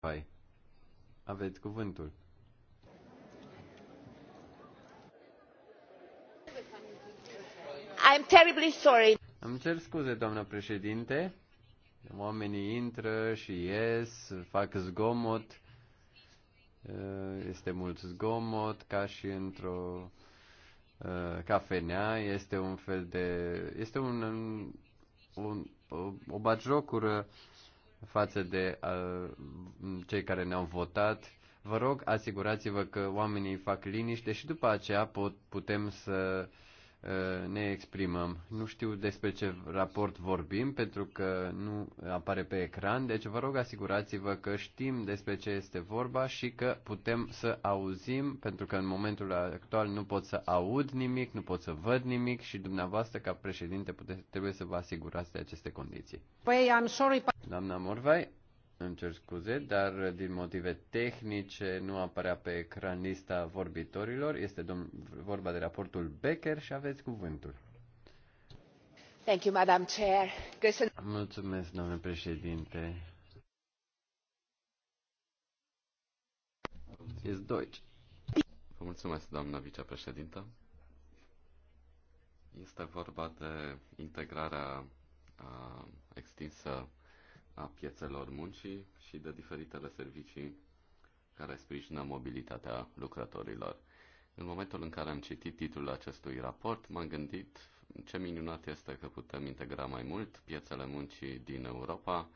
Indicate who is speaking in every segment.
Speaker 1: Hai. Aveți cuvântul.
Speaker 2: I'm terribly sorry.
Speaker 1: Îmi cer scuze, doamnă președinte. Oamenii intră și ies, fac zgomot. Este mult zgomot, ca și într-o cafenea. Este un fel de... Este un, un, o, o bagiocură uh, față de uh, cei care ne-au votat. Vă rog, asigurați-vă că oamenii fac liniște și după aceea pot, putem să uh, Uh, ne exprimăm. Nu știu despre ce raport vorbim, pentru că nu apare pe ecran, deci vă rog asigurați-vă că știm despre ce este vorba și că putem să auzim, pentru că în momentul actual nu pot să aud nimic, nu pot să văd nimic și dumneavoastră, ca președinte, trebuie să vă asigurați de aceste condiții.
Speaker 3: Păi, I'm sorry...
Speaker 1: Doamna Morvai, îmi cer scuze, dar din motive tehnice nu apărea pe ecran lista vorbitorilor. Este dom- vorba de raportul Becker și aveți cuvântul.
Speaker 2: Thank you, Madam Chair.
Speaker 1: Mulțumesc, domnule președinte.
Speaker 3: Este Deutsch. Vă mulțumesc, doamna vicepreședintă. Este vorba de integrarea a, extinsă a piețelor muncii și de diferitele servicii care sprijină mobilitatea lucrătorilor. În momentul în care am citit titlul acestui raport, m-am gândit ce minunat este că putem integra mai mult piețele muncii din Europa,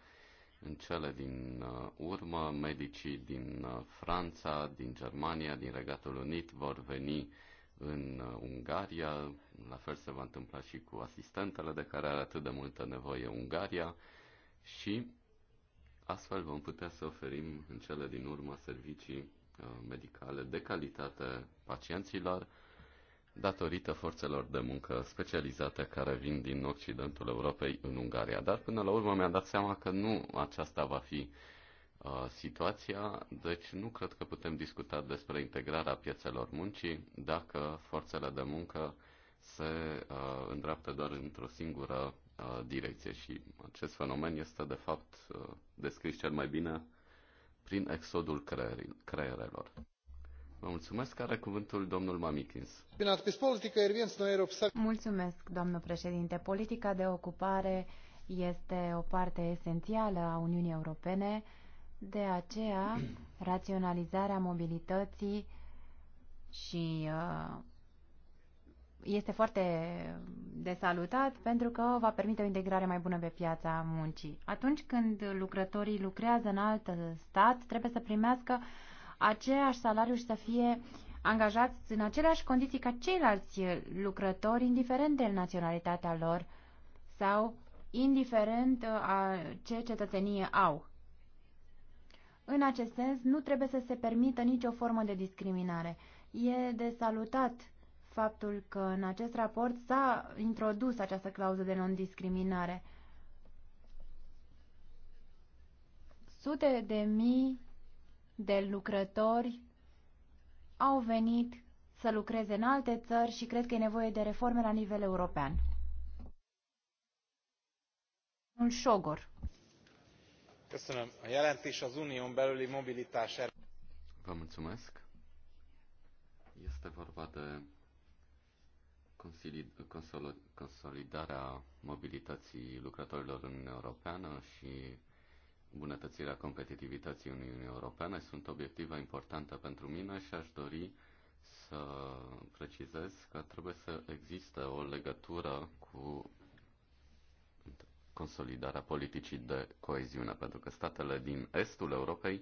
Speaker 3: în cele din uh, urmă, medicii din uh, Franța, din Germania, din Regatul Unit vor veni în uh, Ungaria, la fel se va întâmpla și cu asistentele de care are atât de multă nevoie Ungaria, și astfel vom putea să oferim în cele din urmă servicii uh, medicale de calitate pacienților datorită forțelor de muncă specializate care vin din Occidentul Europei în Ungaria. Dar până la urmă mi-am dat seama că nu aceasta va fi uh, situația, deci nu cred că putem discuta despre integrarea piețelor muncii dacă forțele de muncă se uh, îndreaptă doar într-o singură Uh, direcție și acest fenomen este de fapt uh, descris cel mai bine prin exodul creierelor. Vă mulțumesc. care cuvântul domnul Mamikins.
Speaker 2: Mulțumesc, doamnă președinte. Politica de ocupare este o parte esențială a Uniunii Europene, de aceea raționalizarea mobilității și uh, este foarte de salutat pentru că va permite o integrare mai bună pe piața muncii. Atunci când lucrătorii lucrează în alt stat, trebuie să primească aceeași salariu și să fie angajați în aceleași condiții ca ceilalți lucrători, indiferent de naționalitatea lor sau indiferent uh, a ce cetățenie au. În acest sens, nu trebuie să se permită nicio formă de discriminare. E de salutat faptul că în acest raport s-a introdus această clauză de non-discriminare. Sute de mii de lucrători au venit să lucreze în alte țări și cred că e nevoie de reforme la nivel european. Un șogor. Er-
Speaker 3: Vă mulțumesc. Este vorba de consolidarea mobilității lucrătorilor în Uniunea Europeană și bunătățirea competitivității Uniunii Europene sunt obiective importante pentru mine și aș dori să precizez că trebuie să existe o legătură cu consolidarea politicii de coeziune, pentru că statele din estul Europei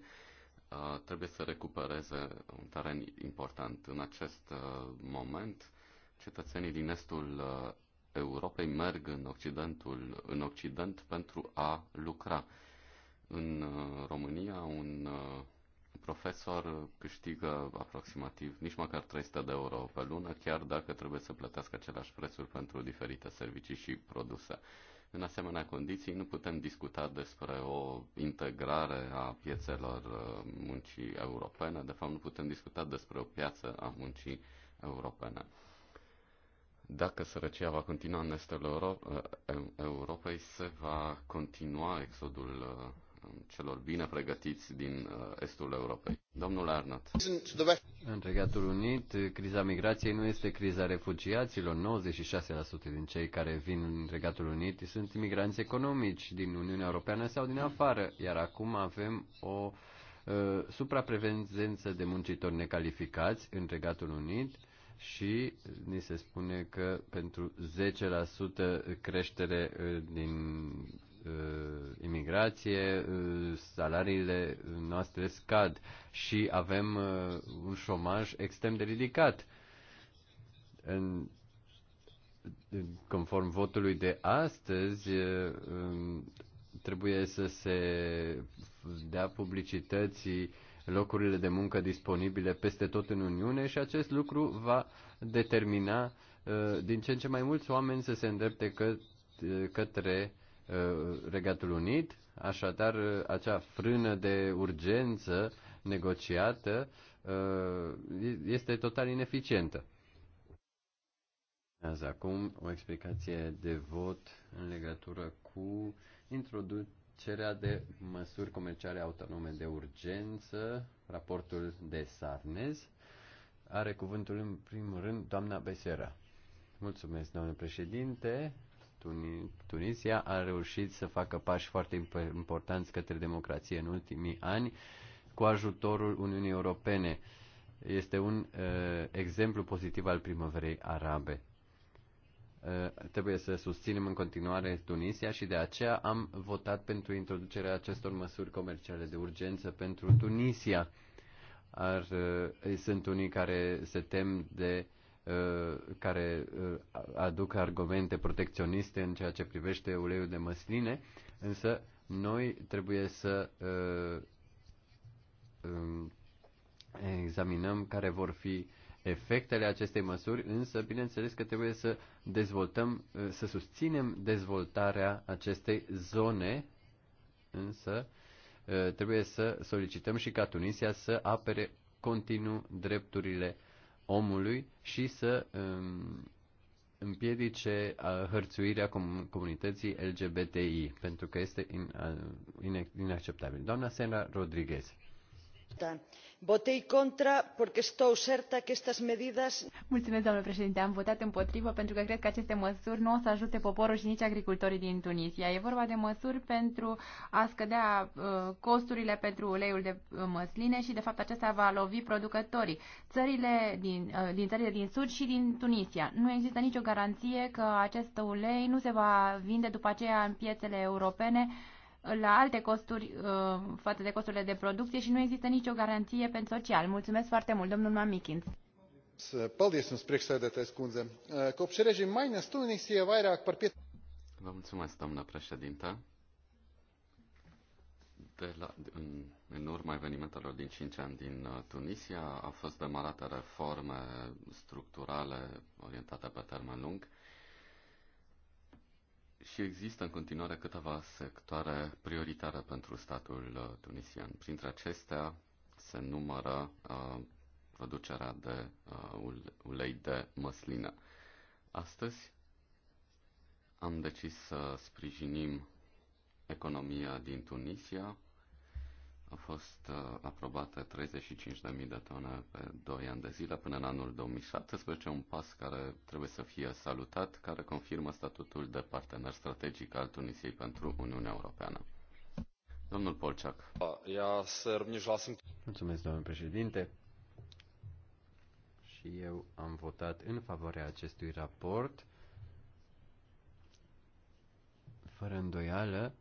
Speaker 3: uh, trebuie să recupereze un teren important. În acest uh, moment, cetățenii din estul uh, Europei merg în, Occidentul, în Occident pentru a lucra. În uh, România, un uh, profesor câștigă aproximativ nici măcar 300 de euro pe lună, chiar dacă trebuie să plătească același prețuri pentru diferite servicii și produse. În asemenea condiții nu putem discuta despre o integrare a piețelor muncii europene, de fapt nu putem discuta despre o piață a muncii europene. Dacă sărăcia va continua în estul Europei, se va continua exodul celor bine pregătiți din
Speaker 1: estul Europei. Domnul Arnott. În Regatul Unit, criza migrației nu este criza refugiaților. 96% din cei care vin în Regatul Unit sunt imigranți economici din Uniunea Europeană sau din afară, iar acum avem o uh, supraprevenzență de muncitori necalificați în Regatul Unit și ni se spune că pentru 10% creștere uh, din uh, imigrație, uh, salariile noastre scad și avem uh, un șomaj extrem de ridicat. În, conform votului de astăzi, uh, um, trebuie să se dea publicității uh, locurile de muncă disponibile peste tot în Uniune și acest lucru va determina uh, din ce în ce mai mulți oameni să se îndrepte că, uh, către uh, Regatul Unit, așadar acea frână de urgență negociată este total ineficientă. Azi acum o explicație de vot în legătură cu introducerea cererea de măsuri comerciale autonome de urgență, raportul de Sarnez. Are cuvântul în primul rând doamna Besera. Mulțumesc, doamnă președinte. Tunisia a reușit să facă pași foarte importanți către democrație în ultimii ani cu ajutorul Uniunii Europene. Este un uh, exemplu pozitiv al primăverii arabe Eh, trebuie să susținem în continuare Tunisia și de aceea am votat pentru introducerea acestor măsuri comerciale de urgență pentru Tunisia. Ar, eh, sunt unii care se tem de eh, care aduc argumente protecționiste în ceea ce privește uleiul de măsline, însă noi trebuie să examinăm care vor fi efectele acestei măsuri, însă bineînțeles că trebuie să dezvoltăm, să susținem dezvoltarea acestei zone, însă trebuie să solicităm și ca Tunisia să apere continuu drepturile omului și să um, împiedice hărțuirea comunității LGBTI, pentru că este inacceptabil. Doamna Sena Rodriguez.
Speaker 2: Mulțumesc, doamnă președinte. Am votat împotrivă pentru că cred că aceste măsuri nu o să ajute poporul și nici agricultorii din Tunisia. E vorba de măsuri pentru a scădea uh, costurile pentru uleiul de uh, măsline și, de fapt, acesta va lovi producătorii țările din, uh, din țările din Sud și din Tunisia. Nu există nicio garanție că acest ulei nu se va vinde după aceea în piețele europene la alte costuri uh, față de costurile de producție și nu există nicio garanție pentru social. Mulțumesc foarte mult, domnul Mamikins.
Speaker 1: Paldies jums,
Speaker 3: priekšsēdētājs
Speaker 1: kundze. Uh, kopš režīma maiņas Tunisija vairāk par piet...
Speaker 3: Vă mulțumesc, doamna președintă. De la, în, în urma evenimentelor din 5 ani din uh, Tunisia au fost demarate reforme structurale orientate pe termen lung și există în continuare câteva sectoare prioritare pentru statul uh, tunisian. Printre acestea se numără uh, producerea de uh, ulei de măslină. Astăzi am decis să sprijinim economia din Tunisia a fost uh, aprobată 35.000 de tone pe 2 ani de zile până în anul 2017, un pas care trebuie să fie salutat, care confirmă statutul de partener strategic al Tunisiei pentru Uniunea Europeană. Domnul Polciac.
Speaker 1: Ia să Mulțumesc, domnul președinte. Și eu am votat în favoarea acestui raport. Fără îndoială,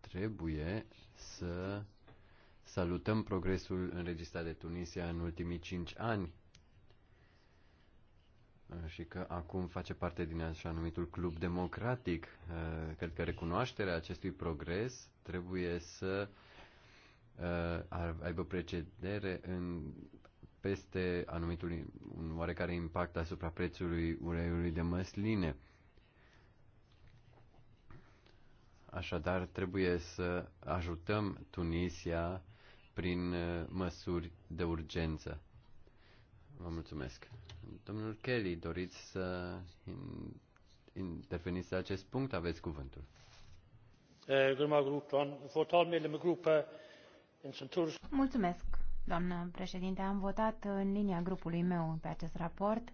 Speaker 1: trebuie să Salutăm progresul înregistrat de Tunisia în ultimii cinci ani și că acum face parte din așa numitul club democratic. Eh, cred că recunoașterea acestui progres trebuie să eh, aibă precedere în peste anumitul un oarecare impact asupra prețului uleiului de măsline. Așadar, trebuie să ajutăm Tunisia prin uh, măsuri de urgență. Vă mulțumesc. Domnul Kelly, doriți să interveniți la acest punct? Aveți cuvântul.
Speaker 2: Mulțumesc, doamnă președinte. Am votat în linia grupului meu pe acest raport,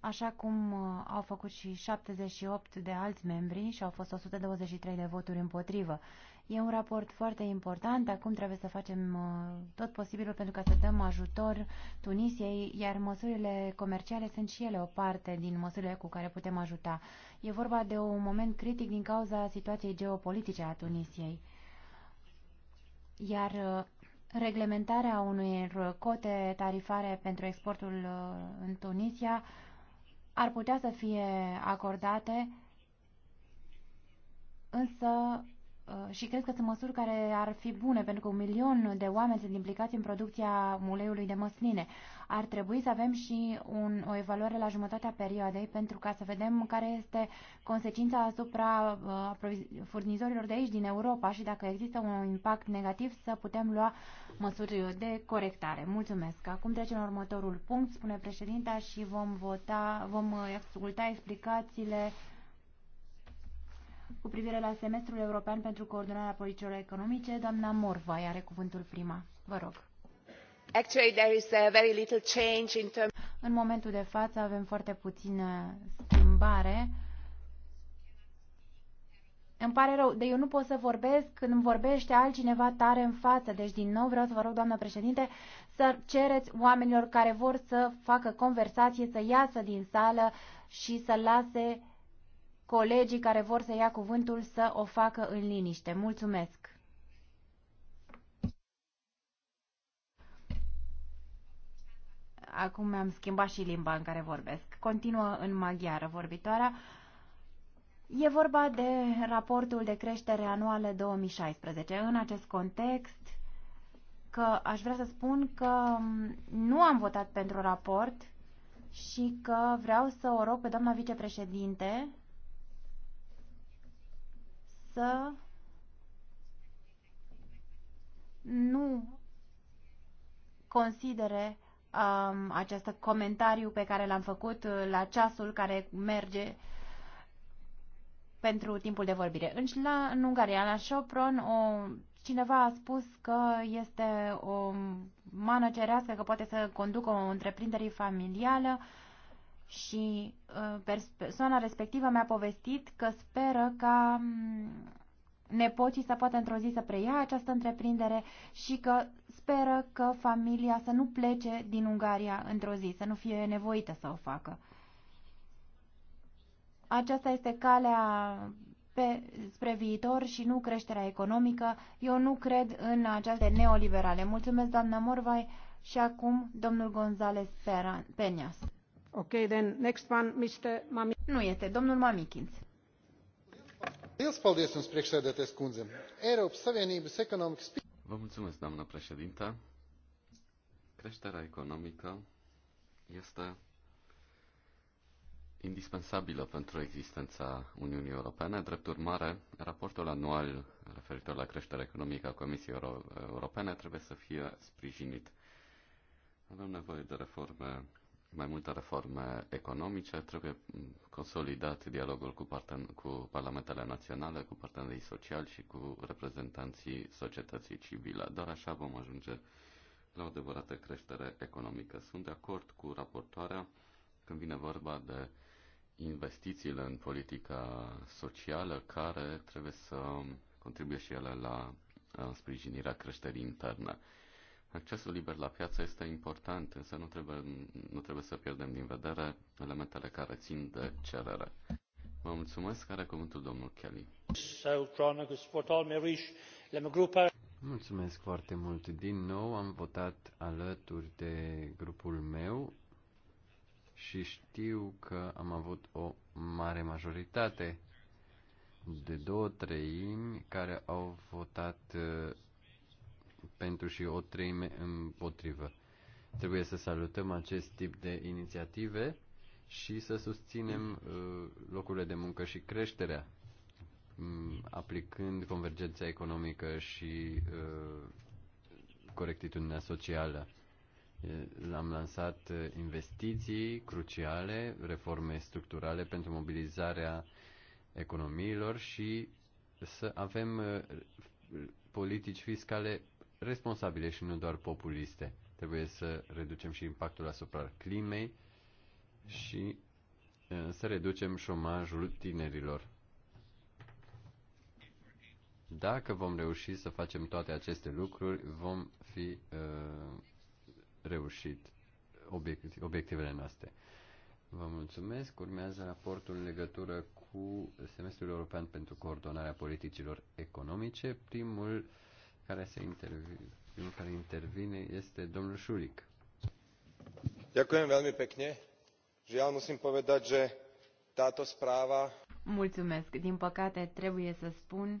Speaker 2: așa cum uh, au făcut și 78 de alți membri și au fost 123 de voturi împotrivă. E un raport foarte important. Acum trebuie să facem uh, tot posibilul pentru ca să dăm ajutor Tunisiei, iar măsurile comerciale sunt și ele o parte din măsurile cu care putem ajuta. E vorba de un moment critic din cauza situației geopolitice a Tunisiei. Iar uh, reglementarea unui cote tarifare pentru exportul uh, în Tunisia ar putea să fie acordate, însă Uh, și cred că sunt măsuri care ar fi bune, pentru că un milion de oameni sunt implicați în producția muleiului de măsline. Ar trebui să avem și un, o evaluare la jumătatea perioadei, pentru ca să vedem care este consecința asupra uh, furnizorilor de aici, din Europa, și dacă există un impact negativ, să putem lua măsuri de corectare. Mulțumesc. Acum trecem la următorul punct, spune președinta, și vom vota, vom uh, asculta explicațiile cu privire la semestrul european pentru coordonarea politicilor economice. Doamna Morvai are cuvântul prima. Vă rog. Actually, there is a uh, very little change in term... În momentul de față avem foarte puțină schimbare. Îmi pare rău, de eu nu pot să vorbesc când îmi vorbește altcineva tare în față. Deci, din nou, vreau să vă rog, doamnă președinte, să cereți oamenilor care vor să facă conversație să iasă din sală și să lase colegii care vor să ia cuvântul să o facă în liniște. Mulțumesc! Acum mi-am schimbat și limba în care vorbesc. Continuă în maghiară vorbitoarea. E vorba de raportul de creștere anuală 2016. În acest context, că aș vrea să spun că nu am votat pentru raport și că vreau să o rog pe doamna vicepreședinte să nu considere um, acest comentariu pe care l-am făcut uh, la ceasul care merge pentru timpul de vorbire. În, la, în Ungaria, la Sopron, o, cineva a spus că este o cerească, că poate să conducă o întreprindere familială și uh, persoana respectivă mi-a povestit că speră ca mm, nepoții să poată într-o zi să preia această întreprindere și că speră că familia să nu plece din Ungaria într-o zi, să nu fie nevoită să o facă. Aceasta este calea pe, spre viitor și nu creșterea economică. Eu nu cred în aceste neoliberale. Mulțumesc, doamna Morvai, și acum domnul González Peñas then next one, Mr. Nu este, domnul
Speaker 3: Vă mulțumesc, doamnă președintă. Creșterea economică este indispensabilă pentru existența Uniunii Europene. Drept urmare, raportul anual referitor la creșterea economică a Comisiei Euro- Europene trebuie să fie sprijinit. Avem nevoie de reforme mai multe reforme economice, trebuie consolidat dialogul cu, parten- cu parlamentele naționale, cu partenerii sociali și cu reprezentanții societății civile. Doar așa vom ajunge la o adevărată creștere economică. Sunt de acord cu raportoarea când vine vorba de investițiile în politica socială care trebuie să contribuie și ele la uh, sprijinirea creșterii interne. Accesul liber la piață este important, însă nu trebuie, nu trebuie să pierdem din vedere elementele care țin de cerere. Vă mulțumesc. Care
Speaker 1: cuvântul domnul Kelly? Mulțumesc foarte mult. Din nou am votat alături de grupul meu și știu că am avut o mare majoritate de două treimi care au votat pentru și o treime împotrivă. Trebuie să salutăm acest tip de inițiative și să susținem uh, locurile de muncă și creșterea, mm, aplicând convergența economică și uh, corectitudinea socială. Am lansat uh, investiții cruciale, reforme structurale pentru mobilizarea economiilor și să avem politici fiscale responsabile și nu doar populiste. Trebuie să reducem și impactul asupra climei și să reducem șomajul tinerilor. Dacă vom reuși să facem toate aceste lucruri, vom fi uh, reușit obiectivele noastre. Vă mulțumesc. Urmează raportul în legătură cu semestrul european pentru coordonarea politicilor economice. Primul care se intervine, care intervine este domnul Șuric. Ďakujem veľmi pekne. Žiaľ musím povedať, že
Speaker 2: táto správa... Mulțumesc. Din păcate trebuie să spun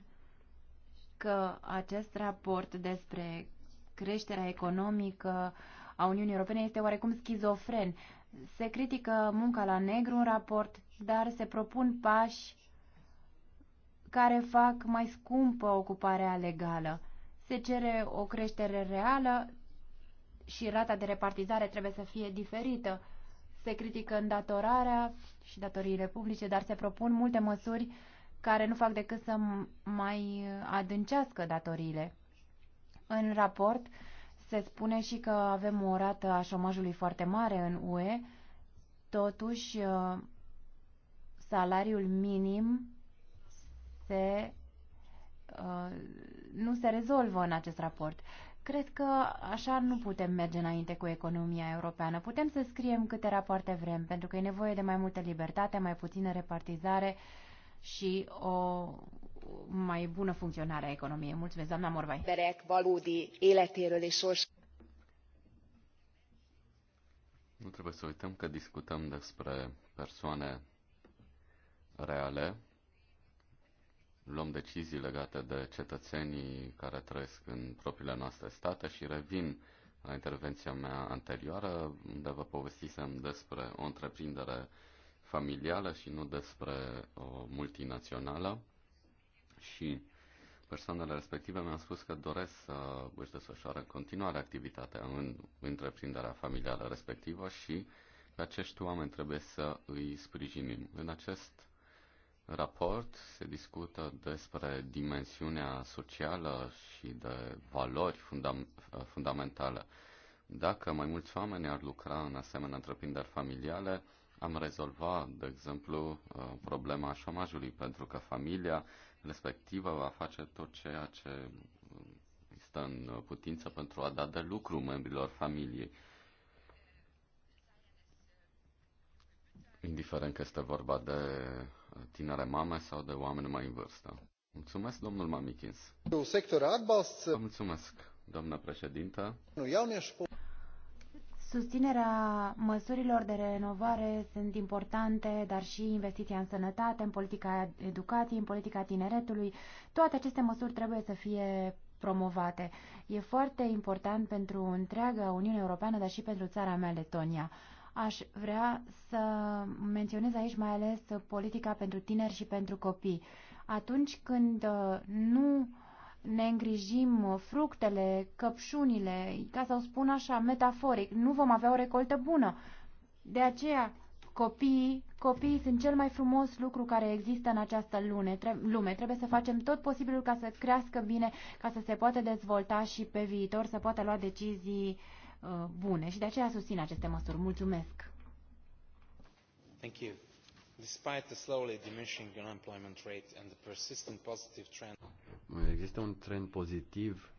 Speaker 2: că acest raport despre creșterea economică a Uniunii Europene este oarecum schizofren. Se critică munca la negru în raport, dar se propun pași care fac mai scumpă ocuparea legală se cere o creștere reală și rata de repartizare trebuie să fie diferită. Se critică îndatorarea și datoriile publice, dar se propun multe măsuri care nu fac decât să mai adâncească datoriile. În raport se spune și că avem o rată a șomajului foarte mare în UE, totuși salariul minim se uh, nu se rezolvă în acest raport. Cred că așa nu putem merge înainte cu economia europeană. Putem să scriem câte rapoarte vrem, pentru că e nevoie de mai multă libertate, mai puțină repartizare și o mai bună funcționare a economiei. Mulțumesc, doamna Morvai. Berec, valudi, életéről és sors.
Speaker 3: Nu trebuie să uităm că discutăm despre persoane reale luăm decizii legate de cetățenii care trăiesc în propriile noastre state și revin la intervenția mea anterioară, unde vă povestisem despre o întreprindere familială și nu despre o multinațională și persoanele respective mi-au spus că doresc să își desfășoare în continuare activitatea în întreprinderea familială respectivă și pe acești oameni trebuie să îi sprijinim. În acest raport se discută despre dimensiunea socială și de valori fundam- fundamentale. Dacă mai mulți oameni ar lucra în asemenea întreprinderi familiale, am rezolvat, de exemplu, uh, problema șomajului, pentru că familia respectivă va face tot ceea ce stă în putință pentru a da de lucru membrilor familiei. indiferent că este vorba de tinere mame sau de oameni mai în vârstă. Mulțumesc, domnul Mamikins. Mulțumesc, doamnă președintă.
Speaker 2: Susținerea măsurilor de renovare sunt importante, dar și investiția în sănătate, în politica educației, în politica tineretului. Toate aceste măsuri trebuie să fie promovate. E foarte important pentru întreaga Uniune Europeană, dar și pentru țara mea, Letonia. Aș vrea să menționez aici mai ales politica pentru tineri și pentru copii. Atunci când uh, nu ne îngrijim fructele, căpșunile, ca să o spun așa, metaforic, nu vom avea o recoltă bună. De aceea, copiii, copiii sunt cel mai frumos lucru care există în această lume. tre- lume. Trebuie să facem tot posibilul ca să crească bine, ca să se poată dezvolta și pe viitor să poată lua decizii uh, Uh, bune și de aceea susțin aceste măsuri. Mulțumesc! Thank you. Despite the slowly diminishing unemployment
Speaker 3: rate and the persistent positive trend
Speaker 1: Există un trend pozitiv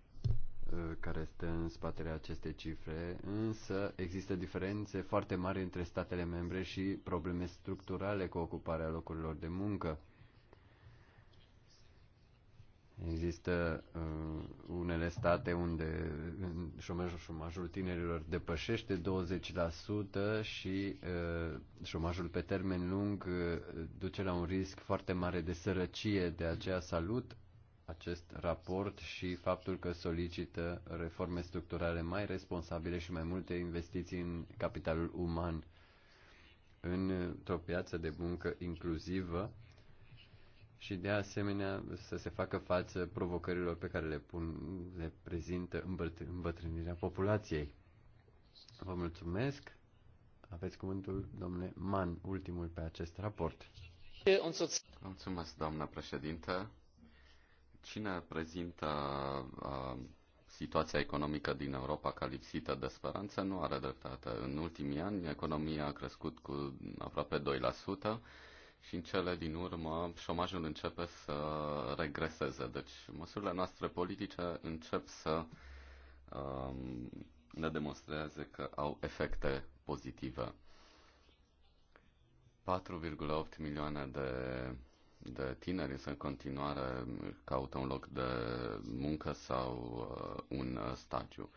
Speaker 1: uh, care stă în spatele acestei cifre, însă există diferențe foarte mari între statele membre și probleme structurale cu ocuparea locurilor de muncă. Există uh, unele state unde șomajul, șomajul tinerilor depășește 20% și uh, șomajul pe termen lung uh, duce la un risc foarte mare de sărăcie. De aceea salut acest raport și faptul că solicită reforme structurale mai responsabile și mai multe investiții în capitalul uman într-o piață de muncă inclusivă și de asemenea să se facă față provocărilor pe care le, pun, le prezintă îmbătrânirea populației. Vă mulțumesc. Aveți cuvântul, domnule Man, ultimul pe acest raport. Mulțumesc,
Speaker 3: doamnă președintă. Cine prezintă uh, situația economică din Europa ca lipsită de speranță nu are dreptate. În ultimii ani, economia a crescut cu aproape 2% și în cele din urmă șomajul începe să regreseze. Deci măsurile noastre politice încep să um, ne demonstreze că au efecte pozitive. 4,8 milioane de, de tineri însă în continuare caută un loc de muncă sau uh, un uh, stagiu.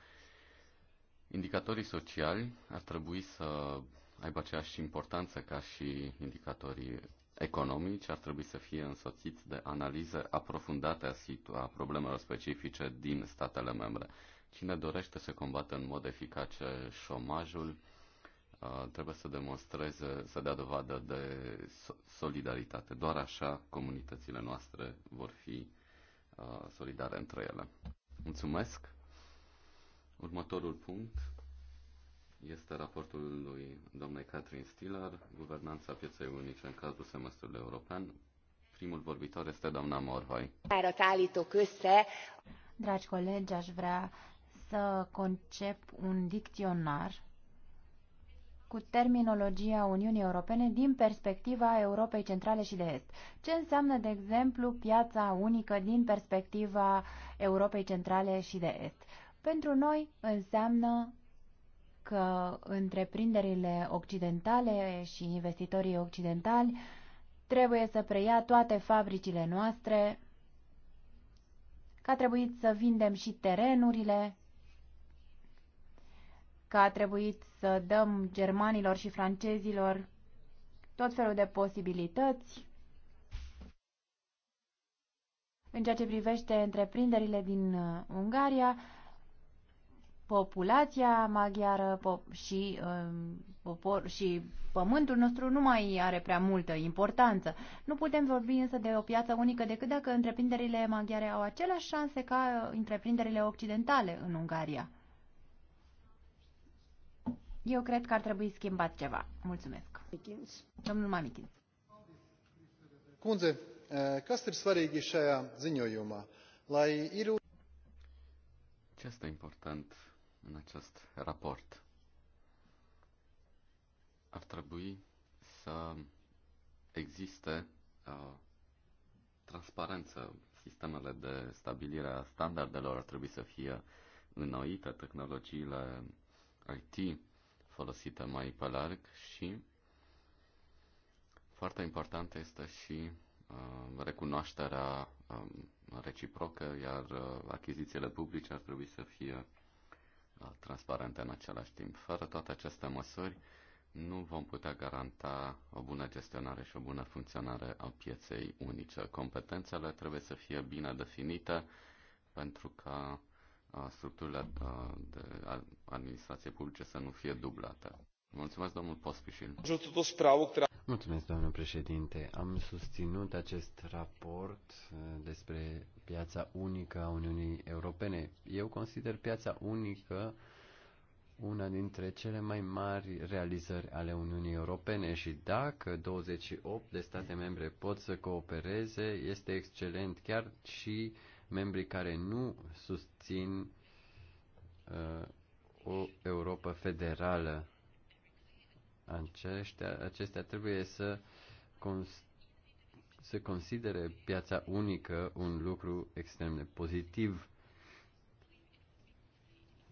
Speaker 3: Indicatorii sociali ar trebui să aibă aceeași importanță ca și indicatorii economici ar trebui să fie însoțiți de analize aprofundate a a problemelor specifice din statele membre. Cine dorește să combată în mod eficace șomajul, uh, trebuie să demonstreze, să dea dovadă de solidaritate. Doar așa comunitățile noastre vor fi uh, solidare între ele. Mulțumesc! Următorul punct este raportul lui doamnei Catherine Stiller, Guvernanța pieței unice în cazul semestrului european. Primul vorbitor este doamna Morvai.
Speaker 2: Dragi colegi, aș vrea să concep un dicționar cu terminologia Uniunii Europene din perspectiva Europei Centrale și de Est. Ce înseamnă, de exemplu, piața unică din perspectiva Europei Centrale și de Est? Pentru noi înseamnă că întreprinderile occidentale și investitorii occidentali trebuie să preia toate fabricile noastre, că a trebuit să vindem și terenurile, că a trebuit să dăm germanilor și francezilor tot felul de posibilități în ceea ce privește întreprinderile din uh, Ungaria, populația maghiară po- și, um, popor- și pământul nostru nu mai are prea multă importanță. Nu putem vorbi însă de o piață unică decât dacă întreprinderile maghiare au aceleași șanse ca întreprinderile occidentale în Ungaria. Eu cred că ar trebui schimbat ceva. Mulțumesc. Mikins. Domnul Mamikins.
Speaker 1: Kundze, eh, kas svarīgi šajā ziņojumā? Lai ir...
Speaker 3: Ce este important în acest raport. Ar trebui să existe uh, transparență. Sistemele de stabilire a standardelor ar trebui să fie înnoite, tehnologiile IT folosite mai pe larg și foarte important este și uh, recunoașterea um, reciprocă, iar uh, achizițiile publice ar trebui să fie transparente în același timp. Fără toate aceste măsuri, nu vom putea garanta o bună gestionare și o bună funcționare a pieței unice. Competențele trebuie să fie bine definite pentru ca structurile de administrație publice să nu fie dublate. Mulțumesc, domnul Pospișil.
Speaker 1: Mulțumesc, domnul președinte. Am susținut acest raport uh, despre piața unică a Uniunii Europene. Eu consider piața unică una dintre cele mai mari realizări ale Uniunii Europene și dacă 28 de state membre pot să coopereze, este excelent chiar și membrii care nu susțin uh, o Europa federală aceștia, acestea trebuie să, cons- să considere piața unică un lucru extrem de pozitiv.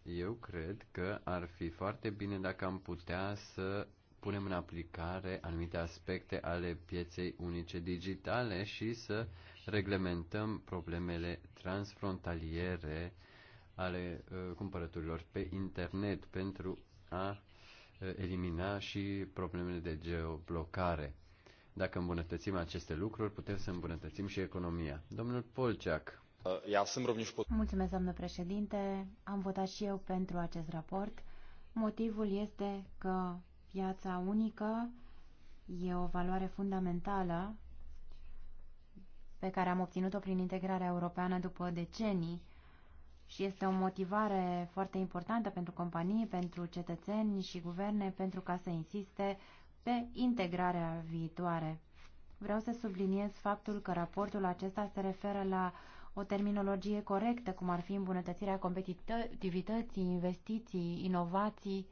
Speaker 1: Eu cred că ar fi foarte bine dacă am putea să punem în aplicare anumite aspecte ale pieței unice digitale și să reglementăm problemele transfrontaliere ale uh, cumpărăturilor pe internet pentru a elimina și problemele de geoblocare. Dacă îmbunătățim aceste lucruri, putem să îmbunătățim și economia. Domnul Polceac.
Speaker 2: Mulțumesc, doamnă președinte. Am votat și eu pentru acest raport. Motivul este că piața unică e o valoare fundamentală pe care am obținut-o prin integrarea europeană după decenii și este o motivare foarte importantă pentru companii, pentru cetățeni și guverne pentru ca să insiste pe integrarea viitoare. Vreau să subliniez faptul că raportul acesta se referă la o terminologie corectă, cum ar fi îmbunătățirea competitivității, investiții, inovații.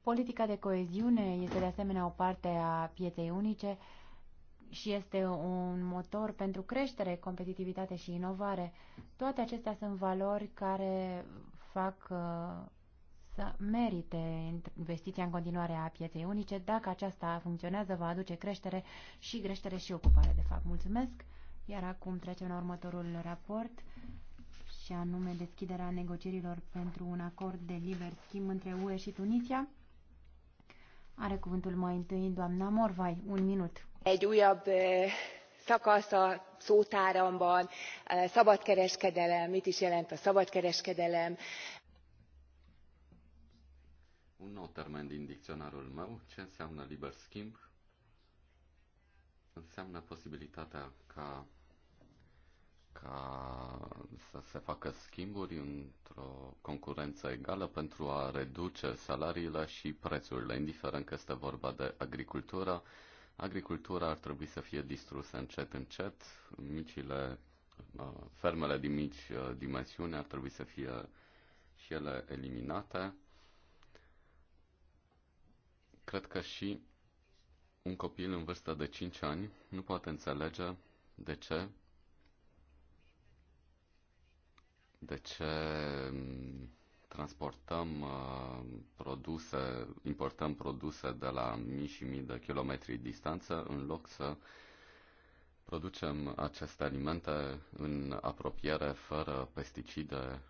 Speaker 2: Politica de coeziune este de asemenea o parte a pieței unice, și este un motor pentru creștere, competitivitate și inovare. Toate acestea sunt valori care fac uh, să merite investiția în continuare a pieței unice. Dacă aceasta funcționează, va aduce creștere și creștere și ocupare, de fapt. Mulțumesc! Iar acum trecem la următorul raport și anume deschiderea negocierilor pentru un acord de liber schimb între UE și Tunisia. Are cuvântul mai întâi doamna Morvai. Un minut egy újabb szakasz a szótáramban szabadkereskedelem mit is jelent a szabadkereskedelem.
Speaker 3: un nou termen din dicționarul meu ce înseamnă liber schimb înseamnă posibilitatea ca ca să se facă schimburi într-o concurență egală pentru a reduce salariile și prețurile, indiferent că este vorba de agricultură, agricultura ar trebui să fie distrusă încet, încet. Micile, uh, fermele din mici uh, dimensiuni ar trebui să fie și ele eliminate. Cred că și un copil în vârstă de 5 ani nu poate înțelege de ce de ce mm, transportăm uh, produse, importăm produse de la mii și mii de kilometri distanță, în loc să producem aceste alimente în apropiere, fără pesticide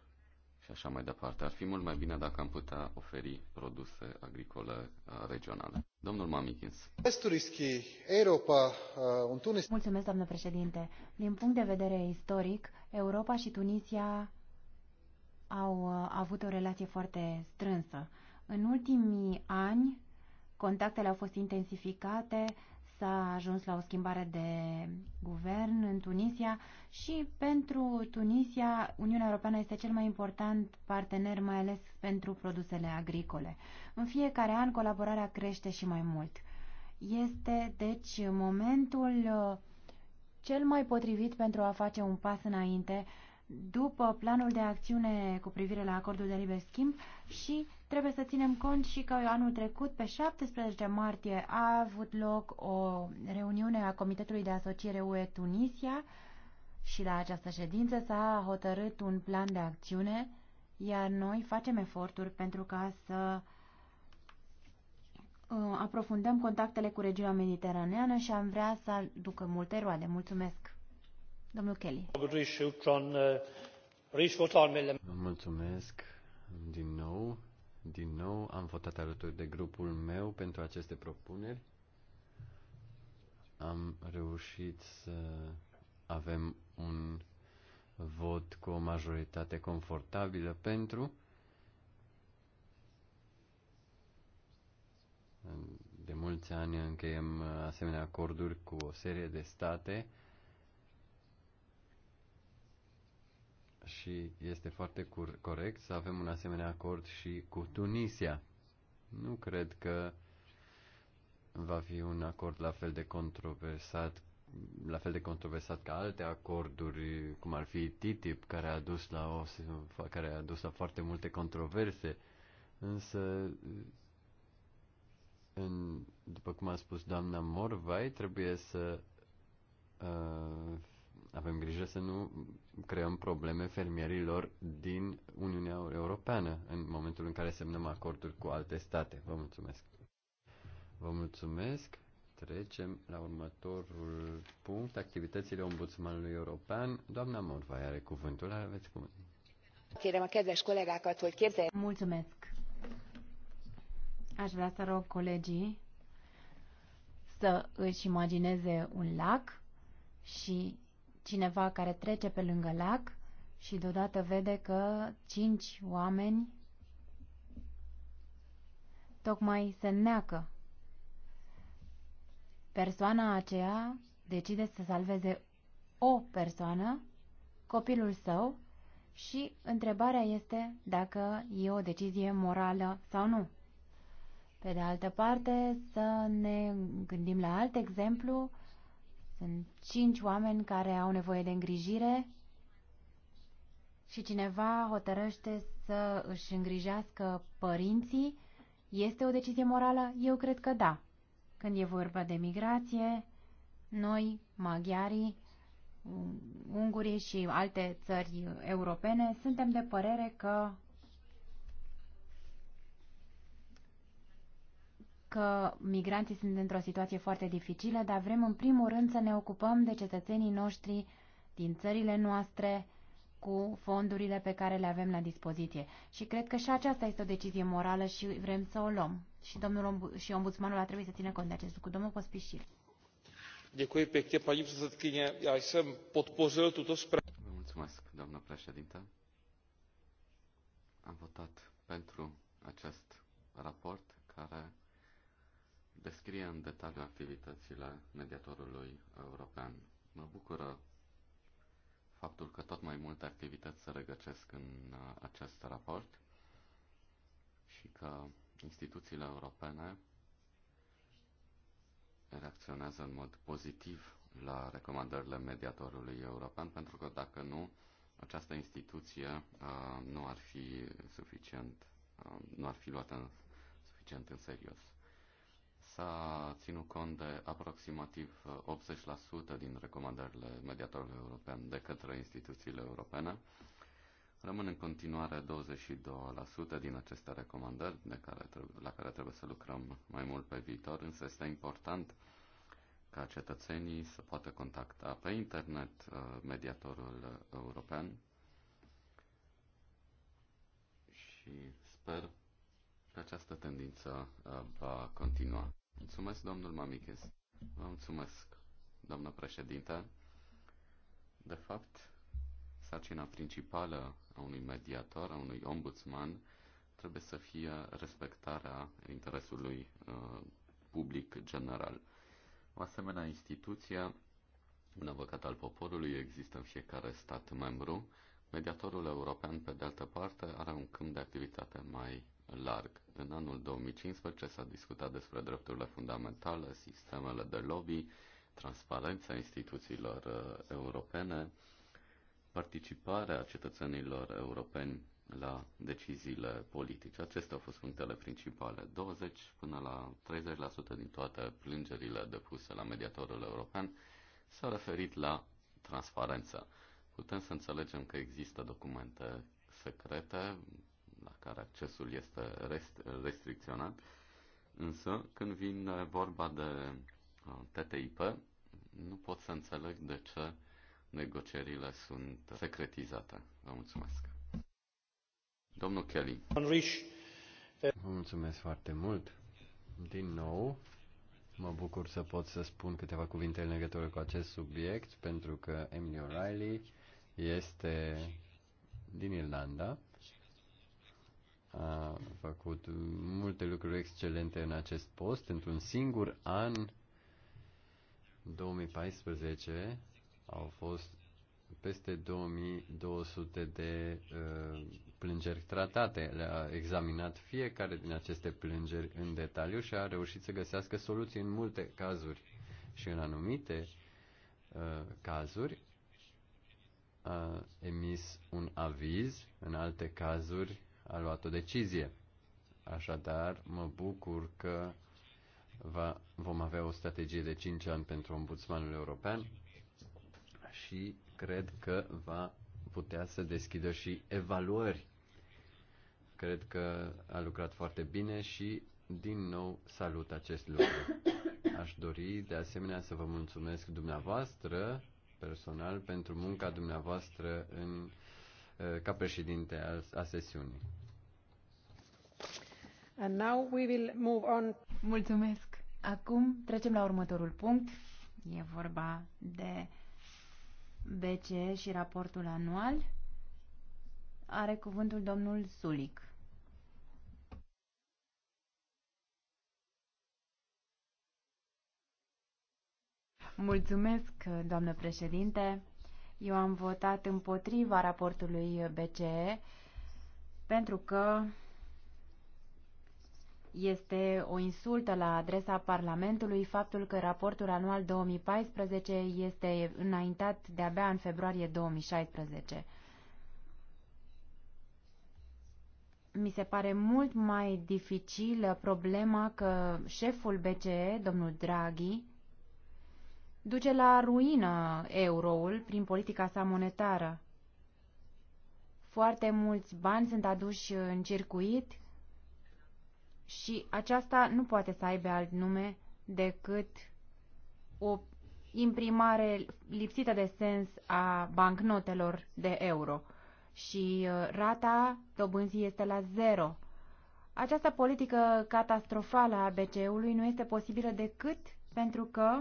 Speaker 3: și așa mai departe. Ar fi mult mai bine dacă am putea oferi produse agricole uh, regionale. Domnul Mamikins.
Speaker 1: Uh,
Speaker 2: Mulțumesc, doamnă președinte. Din punct de vedere istoric, Europa și Tunisia au uh, avut o relație foarte strânsă. În ultimii ani, contactele au fost intensificate, s-a ajuns la o schimbare de guvern în Tunisia și pentru Tunisia Uniunea Europeană este cel mai important partener, mai ales pentru produsele agricole. În fiecare an colaborarea crește și mai mult. Este deci momentul uh, cel mai potrivit pentru a face un pas înainte după planul de acțiune cu privire la acordul de liber schimb și trebuie să ținem cont și că anul trecut, pe 17 martie, a avut loc o reuniune a Comitetului de Asociere UE Tunisia și la această ședință s-a hotărât un plan de acțiune, iar noi facem eforturi pentru ca să uh, aprofundăm contactele cu regiunea mediteraneană și am vrea să aducă multe roade. Mulțumesc!
Speaker 1: din nou. Din nou am votat alături de grupul meu pentru aceste propuneri. Am reușit să avem un vot cu o majoritate confortabilă pentru. De mulți ani încheiem asemenea acorduri cu o serie de state și este foarte corect să avem un asemenea acord și cu Tunisia. Nu cred că va fi un acord la fel de controversat la fel de controversat ca alte acorduri, cum ar fi TTIP, care a dus la, o, care a dus la foarte multe controverse, însă, în, după cum a spus doamna Morvai, trebuie să uh, avem grijă să nu creăm probleme fermierilor din Uniunea Europeană în momentul în care semnăm acorduri cu alte state. Vă mulțumesc. Vă mulțumesc. Trecem la următorul punct, activitățile Ombudsmanului European. Doamna Morva are cuvântul, aveți cum?
Speaker 2: Kérem a kedves kollégákat, hogy képzeljék. Mulțumesc. Aș vrea să rog colegii să își imagineze un lac și cineva care trece pe lângă lac și deodată vede că cinci oameni tocmai se neacă. Persoana aceea decide să salveze o persoană, copilul său, și întrebarea este dacă e o decizie morală sau nu. Pe de altă parte, să ne gândim la alt exemplu sunt cinci oameni care au nevoie de îngrijire și cineva hotărăște să își îngrijească părinții. Este o decizie morală? Eu cred că da. Când e vorba de migrație, noi, maghiarii, ungurii și alte țări europene, suntem de părere că că migranții sunt într-o situație foarte dificilă, dar vrem în primul rând să ne ocupăm de cetățenii noștri din țările noastre cu fondurile pe care le avem la dispoziție. Și cred că și aceasta este o decizie morală și vrem să o luăm. Și domnul și ombudsmanul a trebuit să țină cont de acest lucru. Domnul Pospișil.
Speaker 3: Děkuji pěkně, paní předsedkyně. Já jsem podpořil tuto zprávu. Mulțumesc, doamnă președintă. Am votat pentru acest raport care descrie în detaliu activitățile mediatorului european. Mă bucură faptul că tot mai multe activități se regăcesc în uh, acest raport și că instituțiile europene reacționează în mod pozitiv la recomandările mediatorului european, pentru că dacă nu, această instituție uh, nu ar fi suficient, uh, nu ar fi luată în, suficient în serios. S-a ținut cont de aproximativ 80% uh, din recomandările mediatorului european de către instituțiile europene. Rămân în continuare 22% din aceste recomandări de care trebuie, la care trebuie să lucrăm mai mult pe viitor, însă este important ca cetățenii să poată contacta pe internet uh, mediatorul european și sper că această tendință uh, va continua. Mulțumesc, domnul Mamichis. Vă mulțumesc, doamnă președinte. De fapt, sarcina principală a unui mediator, a unui ombudsman, trebuie să fie respectarea interesului uh, public general. O asemenea instituție, un avocat al poporului, există în fiecare stat membru. Mediatorul european, pe de altă parte, are un câmp de activitate mai larg. În anul 2015 s-a discutat despre drepturile fundamentale, sistemele de lobby, transparența instituțiilor uh, europene, participarea cetățenilor europeni la deciziile politice. Acestea au fost punctele principale. 20 până la 30% din toate plângerile depuse la mediatorul european s-au referit la transparență. Putem să înțelegem că există documente secrete la care accesul este rest, restricționat. Însă, când vine vorba de uh, TTIP, nu pot să înțeleg de ce negocierile sunt secretizate. Vă mulțumesc. Domnul Kelly.
Speaker 1: Vă mulțumesc foarte mult. Din nou, mă bucur să pot să spun câteva cuvinte în legătură cu acest subiect, pentru că Emily O'Reilly este din Irlanda a făcut multe lucruri excelente în acest post. Într-un singur an, 2014, au fost peste 2200 de uh, plângeri tratate. Le-a examinat fiecare din aceste plângeri în detaliu și a reușit să găsească soluții în multe cazuri și în anumite uh, cazuri a emis un aviz, în alte cazuri a luat o decizie. Așadar, mă bucur că va, vom avea o strategie de 5 ani pentru ombudsmanul european și cred că va putea să deschidă și evaluări. Cred că a lucrat foarte bine și din nou salut acest lucru. Aș dori de asemenea să vă mulțumesc dumneavoastră personal pentru munca dumneavoastră în, eh, ca președinte a sesiunii.
Speaker 2: Mulțumesc. Acum trecem la următorul punct. E vorba de BCE și raportul anual. Are cuvântul domnul Sulic. Mulțumesc, doamnă președinte. Eu am votat împotriva raportului BCE pentru că este o insultă la adresa Parlamentului faptul că raportul anual 2014 este înaintat de-abia în februarie 2016. mi se pare mult mai dificilă problema că șeful BCE, domnul Draghi, duce la ruină euroul prin politica sa monetară. Foarte mulți bani sunt aduși în circuit și aceasta nu poate să aibă alt nume decât o imprimare lipsită de sens a bancnotelor de euro și uh, rata dobânzii este la zero. Această politică catastrofală a BCE-ului nu este posibilă decât pentru că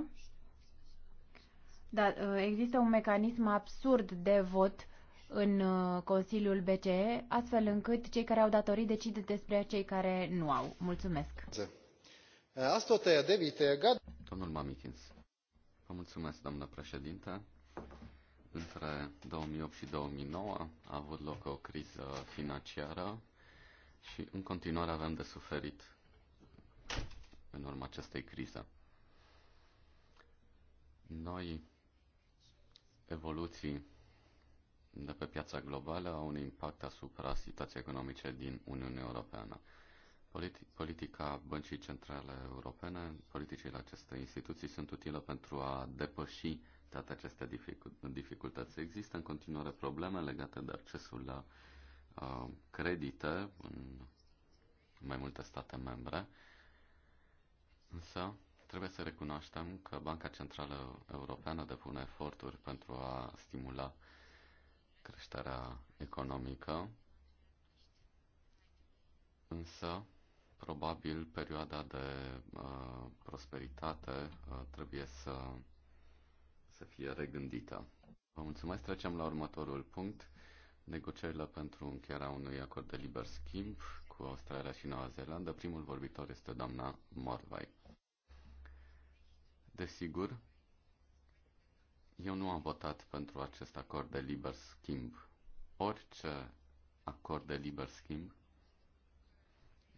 Speaker 2: da, uh, există un mecanism absurd de vot în uh, Consiliul BCE, astfel încât cei care au datorii decid despre cei care nu au. Mulțumesc!
Speaker 3: Domnul Mamichins, vă mulțumesc, doamnă președinte. Între 2008 și 2009 a avut loc o criză financiară și în continuare avem de suferit în urma acestei crize. Noi evoluții de pe piața globală au un impact asupra situației economice din Uniunea Europeană. Politi- politica Băncii Centrale Europene, politicile acestei instituții sunt utile pentru a depăși toate aceste dificu- dificultăți. Există în continuare probleme legate de accesul la uh, credite în mai multe state membre, însă trebuie să recunoaștem că Banca Centrală Europeană depune eforturi pentru a stimula uh, creșterea economică, însă probabil perioada de uh, prosperitate uh, trebuie să, să fie regândită. Vă mulțumesc, trecem la următorul punct. Negocierile pentru încheierea unui acord de liber schimb cu Australia și Noua Zeelandă. Primul vorbitor este doamna Morvai. Desigur, eu nu am votat pentru acest acord de liber schimb. Orice acord de liber schimb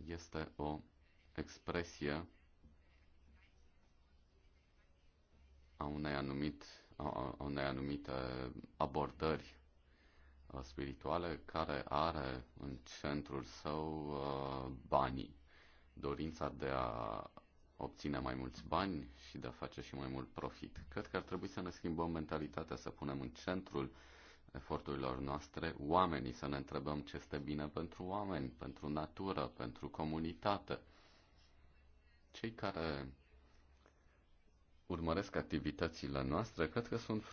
Speaker 3: este o expresie a unei, anumit, a unei anumite abordări uh, spirituale care are în centrul său uh, banii, dorința de a obține mai mulți bani și de a face și mai mult profit. Cred că ar trebui să ne schimbăm mentalitatea, să punem în centrul eforturilor noastre oamenii, să ne întrebăm ce este bine pentru oameni, pentru natură, pentru comunitate. Cei care urmăresc activitățile noastre, cred că sunt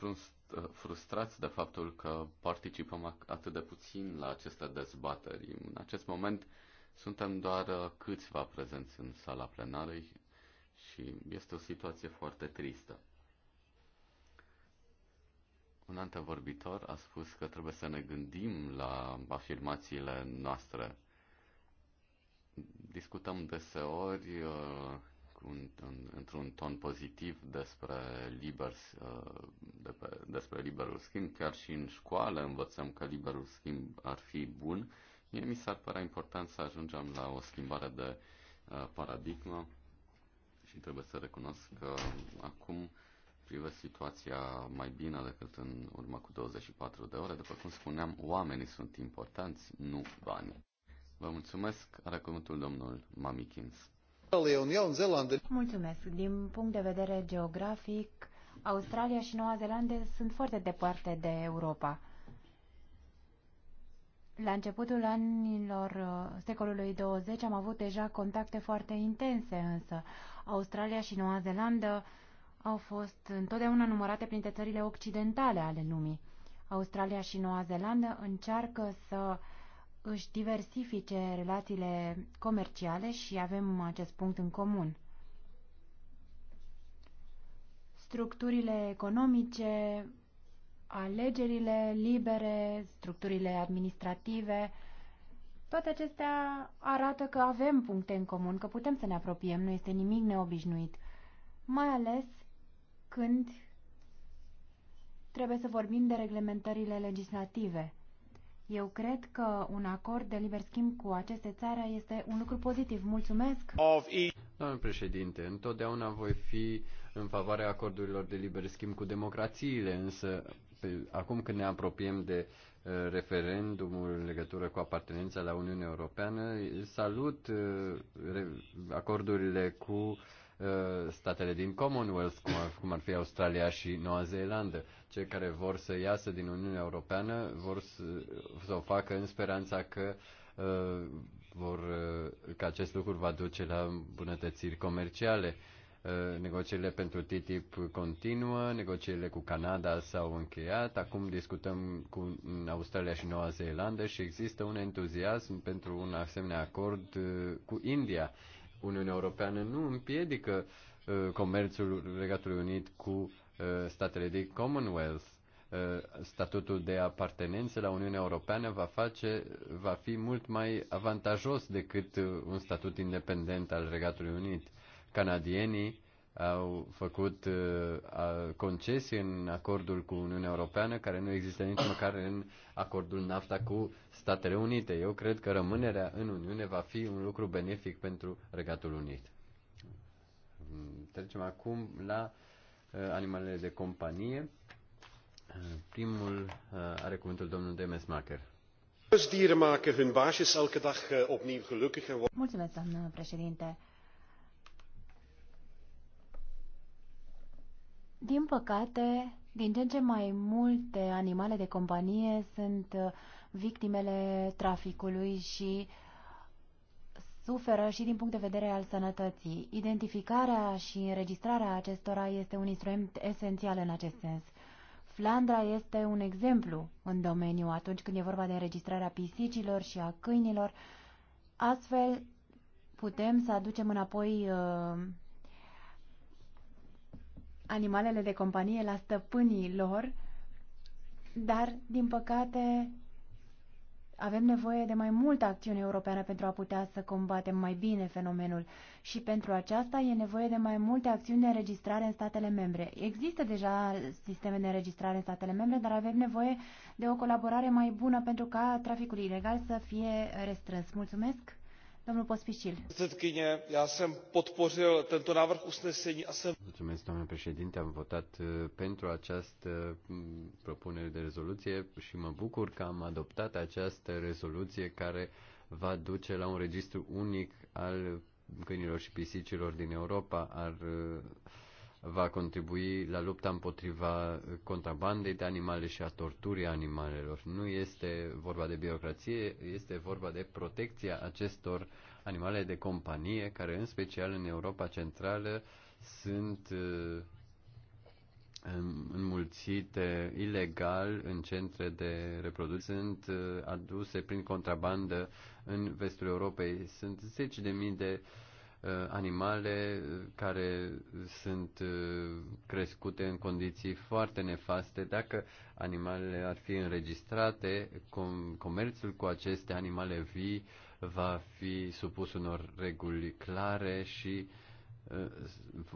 Speaker 3: frustrați de faptul că participăm atât de puțin la aceste dezbateri. În acest moment suntem doar uh, câțiva prezenți în sala plenarei și este o situație foarte tristă. Un antevorbitor a spus că trebuie să ne gândim la afirmațiile noastre. Discutăm deseori uh, un, în, într-un ton pozitiv despre, liber, uh, de pe, despre liberul schimb. Chiar și în școală învățăm că liberul schimb ar fi bun. Mie mi s-ar părea important să ajungem la o schimbare de uh, paradigmă și trebuie să recunosc că acum privesc situația mai bine decât în urmă cu 24 de ore. După cum spuneam, oamenii sunt importanți, nu banii. Vă mulțumesc. Are cuvântul domnul Mamikins.
Speaker 2: Mulțumesc. Din punct de vedere geografic, Australia și Noua Zeelandă sunt foarte departe de Europa. La începutul anilor uh, secolului 20 am avut deja contacte foarte intense, însă Australia și Noua Zeelandă au fost întotdeauna numărate printre țările occidentale ale lumii. Australia și Noua Zeelandă încearcă să își diversifice relațiile comerciale și avem acest punct în comun. Structurile economice alegerile libere, structurile administrative, toate acestea arată că avem puncte în comun, că putem să ne apropiem, nu este nimic neobișnuit. Mai ales când trebuie să vorbim de reglementările legislative. Eu cred că un acord de liber schimb cu aceste țară este un lucru pozitiv. Mulțumesc! Doamne
Speaker 1: președinte, întotdeauna voi fi în favoarea acordurilor de liber schimb cu democrațiile, însă pe, acum când ne apropiem de uh, referendumul în legătură cu apartenența la Uniunea Europeană, salut uh, re, acordurile cu uh, statele din Commonwealth, cum ar, cum ar fi Australia și Noua Zeelandă. Cei care vor să iasă din Uniunea Europeană vor să, să o facă în speranța că uh, vor, uh, că acest lucru va duce la îmbunătățiri comerciale. Uh, Uh, negocierile pentru TTIP continuă, negocierile cu Canada s-au încheiat, acum discutăm cu Australia și Noua Zeelandă și există un entuziasm pentru un asemenea acord uh, cu India. Uniunea Europeană nu împiedică uh, comerțul Regatului Unit cu statele de Commonwealth. Statutul de apartenență la Uniunea Europeană va, face, va fi mult mai avantajos decât un statut independent al Regatului Unit Canadienii au făcut uh, concesii în acordul cu Uniunea Europeană, care nu există nici măcar în acordul NAFTA cu Statele Unite. Eu cred că rămânerea în Uniune va fi un lucru benefic pentru Regatul Unit. Trecem acum la uh, animalele de companie. Uh, primul uh, are cuvântul domnul Demesmacher. Uh,
Speaker 2: Mulțumesc, doamnă președinte. Din păcate, din ce în ce mai multe animale de companie sunt uh, victimele traficului și suferă și din punct de vedere al sănătății. Identificarea și înregistrarea acestora este un instrument esențial în acest sens. Flandra este un exemplu în domeniu atunci când e vorba de înregistrarea pisicilor și a câinilor. Astfel, putem să aducem înapoi uh, animalele de companie la stăpânii lor, dar, din păcate, avem nevoie de mai multă acțiune europeană pentru a putea să combatem mai bine fenomenul și pentru aceasta e nevoie de mai multe acțiuni de înregistrare în statele membre. Există deja sisteme de înregistrare în statele membre, dar avem nevoie de o colaborare mai bună pentru ca traficul ilegal să fie restrâns. Mulțumesc! Domnul Pospișil.
Speaker 1: Mulțumesc, doamnă președinte. Am votat eh, pentru această mm, propunere de rezoluție și mă bucur că am adoptat această rezoluție care va duce la un registru unic al câinilor și pisicilor din Europa. Ar eh, va contribui la lupta împotriva contrabandei de animale și a torturii animalelor. Nu este vorba de birocrație, este vorba de protecția acestor animale de companie, care în special în Europa Centrală sunt uh, înmulțite ilegal în centre de reproducție, sunt uh, aduse prin contrabandă în vestul Europei. Sunt zeci de mii de uh, Uh, animale uh, care sunt uh, crescute în condiții foarte nefaste. Dacă animalele ar fi înregistrate, comerțul cu aceste animale vii va fi supus unor reguli clare și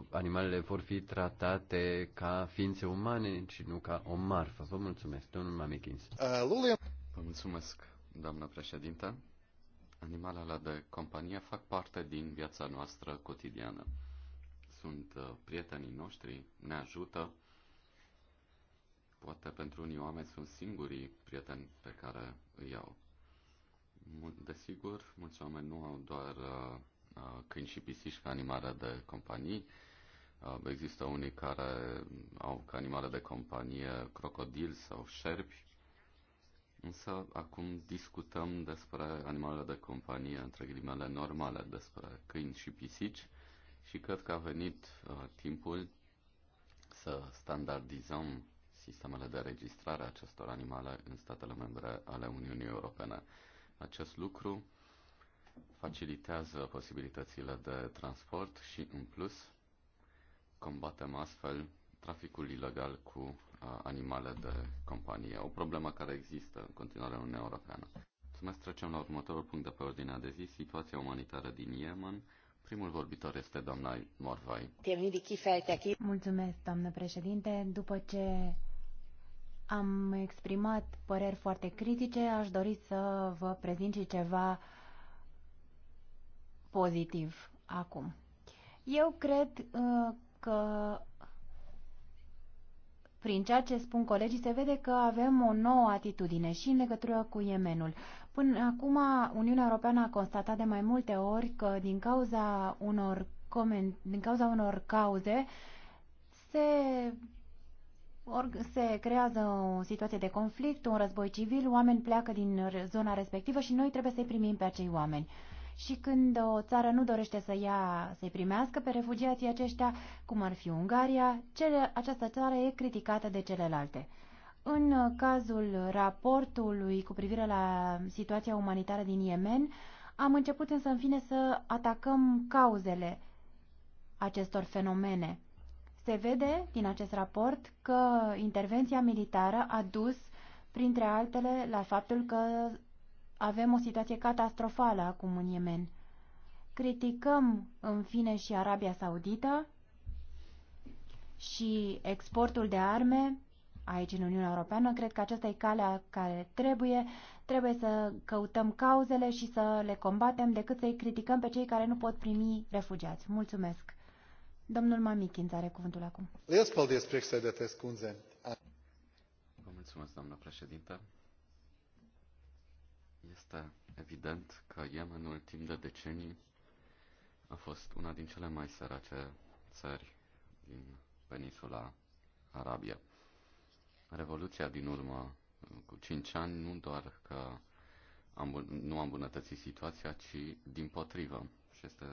Speaker 1: animalele vor fi tratate ca ființe umane și nu ca o marfă. Vă mulțumesc, domnul Mamikins. Vă mulțumesc, doamna președintă.
Speaker 3: Animalele de companie fac parte din viața noastră cotidiană. Sunt uh, prietenii noștri, ne ajută. Poate pentru unii oameni sunt singurii prieteni pe care îi au. Desigur, mulți oameni nu au doar uh, uh, câini și pisici ca animale de companie. există unii care au ca animale de companie crocodil sau șerpi Însă acum discutăm despre animalele de companie, între ghilimele normale, despre câini și pisici și cred că a venit uh, timpul să standardizăm sistemele de registrare a acestor animale în statele membre ale Uniunii Europene. Acest lucru facilitează posibilitățile de transport și, în plus, combatem astfel traficul ilegal cu animale de companie, o problemă care există în continuare în Uniunea Europeană. Mulțumesc, trecem la următorul punct de pe ordinea de zi, situația umanitară din Yemen. Primul vorbitor este doamna Morvai.
Speaker 2: Mulțumesc, doamnă președinte. După ce am exprimat păreri foarte critice, aș dori să vă prezint și ceva pozitiv acum. Eu cred uh, că prin ceea ce spun colegii se vede că avem o nouă atitudine și în legătură cu Yemenul. Până acum, Uniunea Europeană a constatat de mai multe ori că din cauza unor, coment, din cauza unor cauze se Or, se creează o situație de conflict, un război civil, oameni pleacă din zona respectivă și noi trebuie să-i primim pe acei oameni și când o țară nu dorește să ia, să-i primească pe refugiații aceștia, cum ar fi Ungaria, cele, această țară e criticată de celelalte. În uh, cazul raportului cu privire la situația umanitară din Yemen, am început însă în fine să atacăm cauzele acestor fenomene. Se vede din acest raport că intervenția militară a dus, printre altele, la faptul că avem o situație catastrofală acum în Yemen. Criticăm, în fine, și Arabia Saudită și exportul de arme aici în Uniunea Europeană. Cred că aceasta e calea care trebuie. Trebuie să căutăm cauzele și să le combatem decât să-i criticăm pe cei care nu pot primi refugiați. Mulțumesc! Domnul Mamichin are cuvântul acum.
Speaker 3: Vă mulțumesc, doamnă președintă. Este evident că Yemenul timp de decenii a fost una din cele mai sărace țări din peninsula Arabia. Revoluția din urmă cu 5 ani nu doar că am, nu a îmbunătățit situația, ci din potrivă. Și este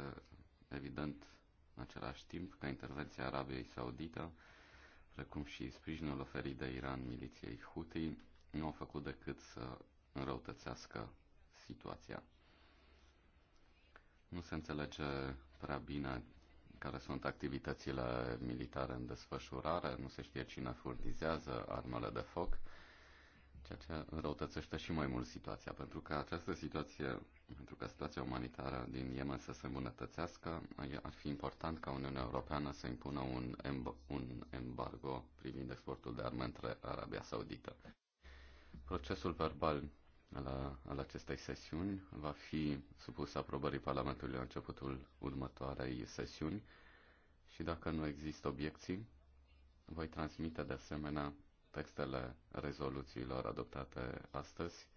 Speaker 3: evident în același timp că intervenția Arabiei Saudită, precum și sprijinul oferit de Iran miliției Houthi, nu au făcut decât să înrăutățească situația. Nu se înțelege prea bine care sunt activitățile militare în desfășurare, nu se știe cine furnizează armele de foc, ceea ce înrăutățește și mai mult situația, pentru că această situație, pentru că situația umanitară din Yemen să se îmbunătățească, ar fi important ca Uniunea Europeană să impună un, emb- un embargo privind exportul de arme între Arabia Saudită. Procesul verbal al, al acestei sesiuni va fi supus aprobării Parlamentului la începutul următoarei sesiuni și dacă nu există obiecții, voi transmite de asemenea textele rezoluțiilor adoptate astăzi